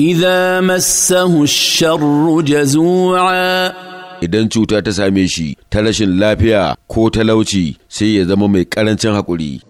إذا مسه الشر جزوعا idan cuta ta same shi ta rashin lafiya ko talauci sai ya zama mai ƙarancin haƙuri